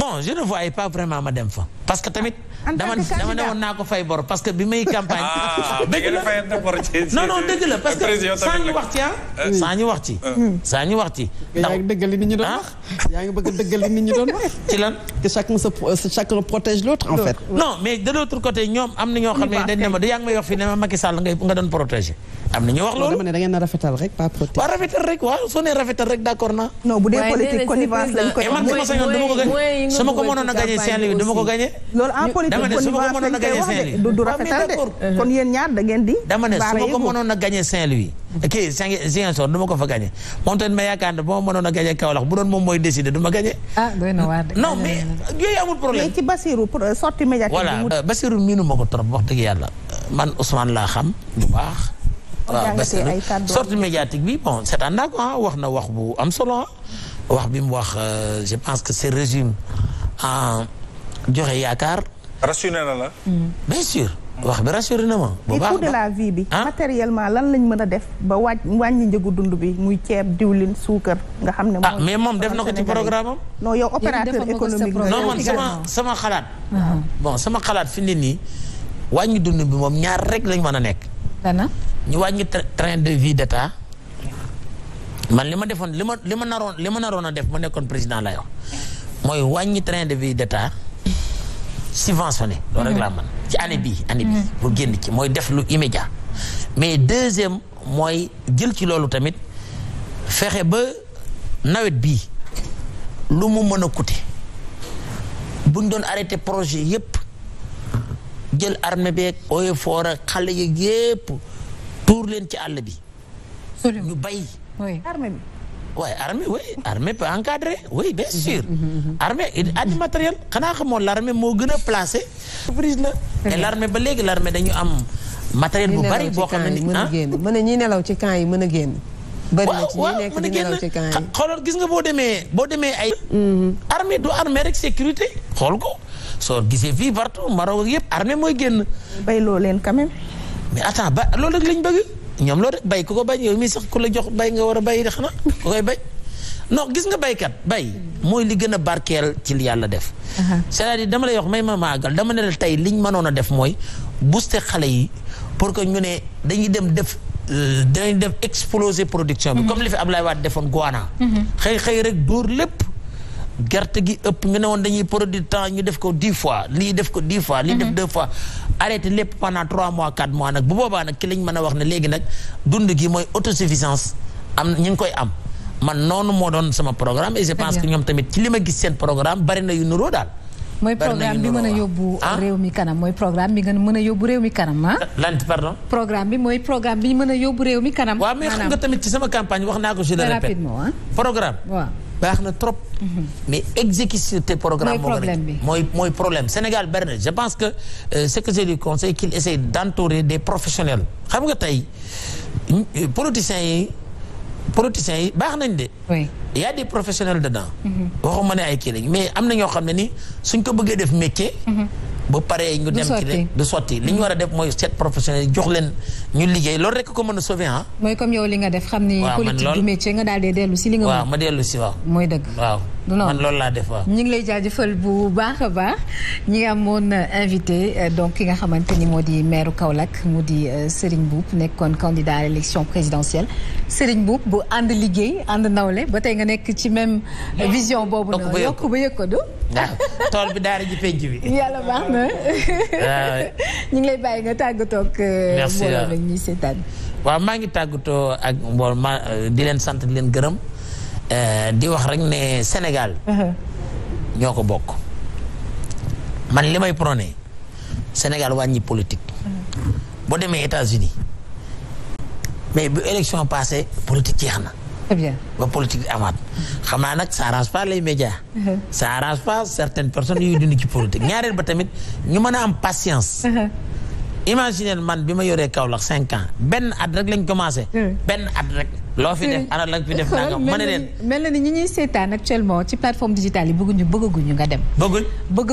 bon je ne voyais pas vraiment ma dem fa parce que tamit. dama dama ne ko fay bor parce que bi may campagne. Ah, dëgg parce que saa ah. euh. ñu wax ci ah. Euh. Hmm. saa ñu wax ci. saa ñu wax doon ah. wax. yaa ngi bëgg euh, protège l'autre en fait. non mais de l'autre côté ñoom am na ñoo xam ne dañ ne ma da ngi may wax fii ne ma Macky Sall ngay a rafetal rek pas protéger. waaw rafetal rek waaw soo nee rafetal rek d'accord naa. non bu dee politique connivence lañ koy. man sama sañoon dama ko gagné sama ko mënoon a gagné ko gagné loolu en politique kon su ma ko du ah, rafetal de kon yéen ñaar da ngeen di. dama ne su ma ko mënoon a gagné Saint-Louis. kii Ziguinchor du ma ko fa gagné moom tamit ma yaakaar ne ba ma mënoon a gagné Kaolack bu doon moom mooy décider du ma gagné. Ah, mais yooyu amul problème. mais ci Basirou euh, sortie médiatique. voilà euh, Basirou ko trop wax dëgg yàlla euh, man Ousmane laa xam bu baax. waaw Basirou sortie médiatique bi bon c'est en accord wax na wax bu am solo ah. wax bi mu wax je pense que c'est résume en. joxe yaakaar. rassuré na la. bien sûr. wax bi rassuré na ma. bu baax la vie bi. Ah? matériellement lan lañ mën a def ba wàññi njëgu dund bi muy ceeb diwlin suukar nga xam ne. ah mais moom def na ko ci programme am. non yow opérateur économique non man sama sama xalaat. Uh-huh. bon sama xalaat fi ne nii wàññi dund bi moom ñaar rek lañ mën a nekk. dana ñu wàññi train de vie d'état man li ma defoon li ma li ma naroon li ma naroon a def ma nekkoon président la yow mooy wàññi train de vie d'état subventionné loolu rek laa man mhm. ci année bii année bii mhm. pour génn ci mooy def lu immédiat mais deuxième mooy jël ci loolu tamit fexe ba nawet bi lu mu mën a coûter buñ doon arrêté projet yépp jël armée beeg ooye foor ak xale yeeg yépp tuur leen ci àll bi ñu bay bi waaye armée oui armée peut encadrer oui bien sûr armée a du matériel xanaa xamoon l'armée moo gën a placé la te l'armée ba léegi l'armée dañu am matériel bu bari boo xam ne ah a ñi nelaw ci camp yi mën a génn bëri na ci ñi nekk di nelaw ci gis nga boo demee boo demee ay mhm. armée du armee rek sécurité xool ko soo gisee fii partout Maroc yëpp armée mooy génn bay loo leen quand mais attends ba loolu rek lañ bëgg ñoom loolu bay ku ko bañ yow mii sax ku la jox bay nga war a bay de xanaa ku koy bay non gis nga baykat bay mooy li gën a barkeel ci li yàlla def. cest à dama lay yox may ma maagal dama ne la tey liñ mënoon a def mooy booster xale yi pour que ñu ne dañuy dem def. dañuy def exploser production bi. Mhm. comme li fi Ablaye Wade defoon Guana. Mhm. xëy xëy rek dóor lépp. gerte gi ëpp nga ne woon dañuy produire temps ñu def ko dix fois lii def ko dix fois lii def mhm. deux fois arrêté lépp pendant trois mois quatre mois nag bu boobaa nag ki lañ mën a wax ne léegi nag dund gi mooy autosuffisance am ñu ngi koy am man noonu moo doon sama programme et je pense que ñoom tamit li ma gis seen programme bari na yu nuroo daal mooy programme bi mën a yóbbu ah? réew mi kanam mooy programme bi nga mën a yóbbu réew mi kanam ah lant pardon programme bi mooy programme bi mën a yóbbu réew mi kanam waaw mais xam nga tamit ci sama campagne wax naa ko je le répète baax na trop. Mhm. mais exécuter programme. mooy problème bi mooy mooy problème Sénégal berne je pense que euh, ce que je lui conseille qu'il essaie d'entourer des professionnels xam nga tey euh, politiciens yi politiciens yi baax nañ de. oui des professionnels dedans. Mhm. waxuma ne ay kii lañ mais am na ñoo xam ne ni suñ ko bëggee def métier. Mhm. ba paree ñu dem ci rek du sotti li ñu war a def mooy seet professionnel jox leen ñu liggéey loolu rek ko mën a sauver ah mooy comme yow li nga def xam ni politique du métier nga daal dee dellu si li nga waaw ma dellu si waaw mooy dëgg waaw du noonu man loolu laa def waaw ñu ngi lay jaajëfal bu baax a baax ñi ngi amoon euh, invité euh, donc ki nga xamante ni moo di maire Kaolack moo di euh, Serigne Mboup nekkoon candidat à l'élection présidentielle Serigne Mboup bu ànd liggéey ànd nawle ba tey nga nekk ci même vision boobu noonu yokk ba yëg ko du waaw tool bi daara ji penc bi yàlla baax na ñu ngi lay bàyyi nga tàggatoo ak mbooloo la waaw maa ngi tàggatoo ak mbool ma di leen sant di leen gërëm Euh, di wax rek ne Sénégal. Uh-huh. ñoo ko bokk. man li may prôné Sénégal wàññi politique. Uh-huh. boo demee États-Unis mais bu élection passée politique jeex na. très ba politique amaat. xam naa nag ça arrange pas les sa uh-huh. ça arrange pas certaines personnes yuy dund ci ñaareel ba tamit ñu mën am patience. imaginez man bi ma yoree Kaolack cinq ans benn at rek lañ commencé. Hmm. benn at rek loo fi def hmm. ana lañ fi def. nangam ma ne leen mel na ni ñu ñuy seetaan actuellement ci plateforme digitale yi bëgguñu ñu nga dem. bëgguñ